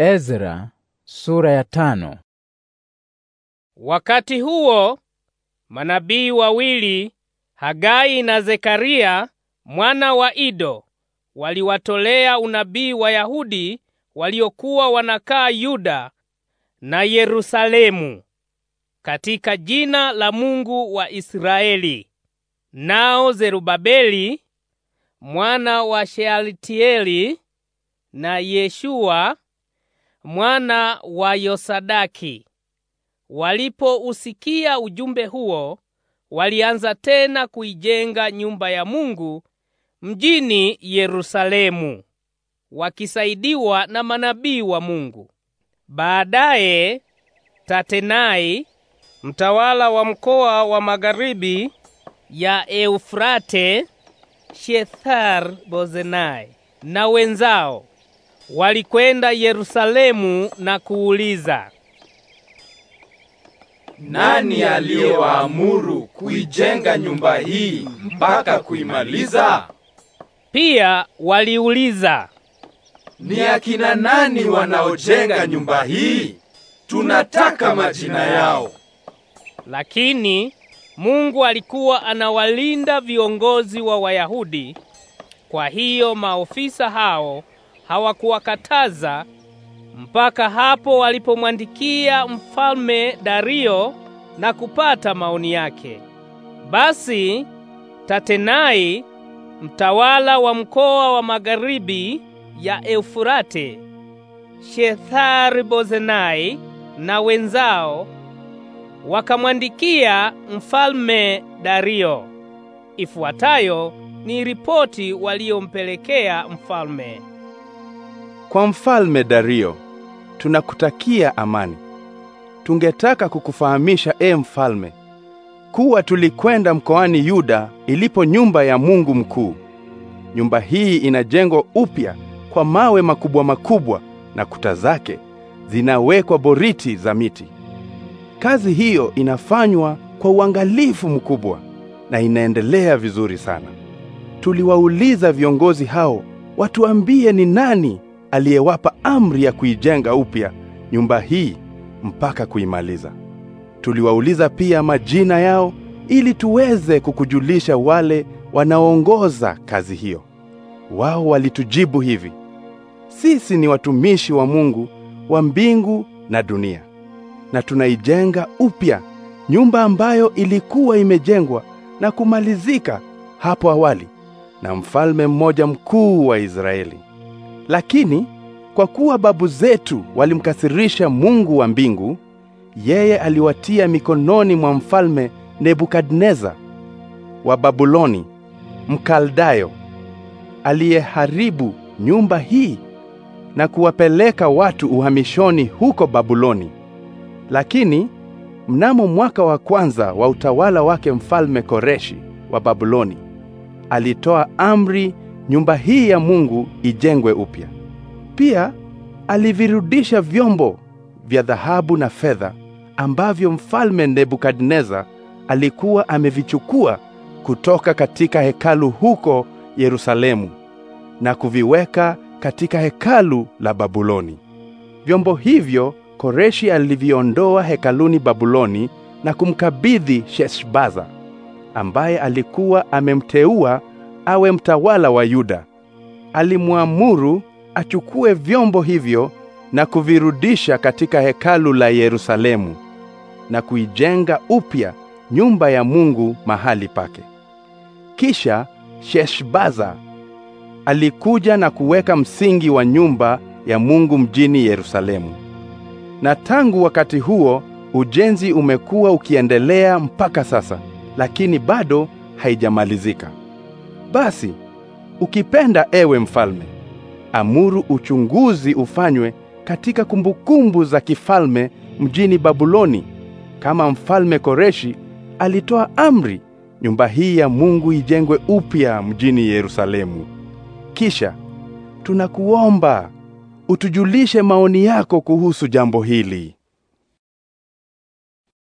Ezra sura ya tano. Wakati huo manabii wawili Hagai na Zekaria mwana wa Ido waliwatolea unabii Wayahudi waliokuwa wanakaa Yuda na Yerusalemu katika jina la Mungu wa Israeli. Nao Zerubabeli mwana wa Shealtieli na Yeshua mwana wa Yosadaki. Walipousikia ujumbe huo, walianza tena kuijenga nyumba ya Mungu mjini Yerusalemu, wakisaidiwa na manabii wa Mungu. Baadaye Tatenai, mtawala wa mkoa wa magharibi ya Eufrate, Shethar Bozenai na wenzao walikwenda Yerusalemu na kuuliza, nani aliyewaamuru kuijenga nyumba hii mpaka kuimaliza? Pia waliuliza, ni akina nani wanaojenga nyumba hii? Tunataka majina yao. Lakini Mungu alikuwa anawalinda viongozi wa Wayahudi, kwa hiyo maofisa hao hawakuwakataza mpaka hapo walipomwandikia Mfalme Dario na kupata maoni yake. Basi Tatenai, mtawala wa mkoa wa magharibi ya Eufurate, Shethari-Bozenai na wenzao wakamwandikia Mfalme Dario. Ifuatayo ni ripoti waliompelekea mfalme. Kwa Mfalme Dario, tunakutakia amani. Tungetaka kukufahamisha e mfalme, kuwa tulikwenda mkoani Yuda ilipo nyumba ya Mungu mkuu. Nyumba hii inajengwa upya kwa mawe makubwa makubwa na kuta zake zinawekwa boriti za miti. Kazi hiyo inafanywa kwa uangalifu mkubwa na inaendelea vizuri sana. Tuliwauliza viongozi hao watuambie ni nani aliyewapa amri ya kuijenga upya nyumba hii mpaka kuimaliza. Tuliwauliza pia majina yao ili tuweze kukujulisha wale wanaoongoza kazi hiyo. Wao walitujibu hivi: sisi ni watumishi wa Mungu wa mbingu na dunia, na tunaijenga upya nyumba ambayo ilikuwa imejengwa na kumalizika hapo awali na mfalme mmoja mkuu wa Israeli. Lakini kwa kuwa babu zetu walimkasirisha Mungu wa mbingu, yeye aliwatia mikononi mwa mfalme Nebukadneza wa Babuloni Mkaldayo, aliyeharibu nyumba hii na kuwapeleka watu uhamishoni huko Babuloni. Lakini mnamo mwaka wa kwanza wa utawala wake mfalme Koreshi wa Babuloni alitoa amri nyumba hii ya Mungu ijengwe upya. Pia alivirudisha vyombo vya dhahabu na fedha ambavyo mfalme Nebukadneza alikuwa amevichukua kutoka katika hekalu huko Yerusalemu na kuviweka katika hekalu la Babuloni. Vyombo hivyo Koreshi aliviondoa hekaluni Babuloni na kumkabidhi Sheshbaza ambaye alikuwa amemteua awe mtawala wa Yuda. Alimwamuru achukue vyombo hivyo na kuvirudisha katika hekalu la Yerusalemu na kuijenga upya nyumba ya Mungu mahali pake. Kisha Sheshbaza alikuja na kuweka msingi wa nyumba ya Mungu mjini Yerusalemu. Na tangu wakati huo ujenzi umekuwa ukiendelea mpaka sasa, lakini bado haijamalizika. Basi ukipenda, ewe mfalme, amuru uchunguzi ufanywe katika kumbukumbu za kifalme mjini Babuloni, kama mfalme Koreshi alitoa amri nyumba hii ya Mungu ijengwe upya mjini Yerusalemu. Kisha tunakuomba utujulishe maoni yako kuhusu jambo hili.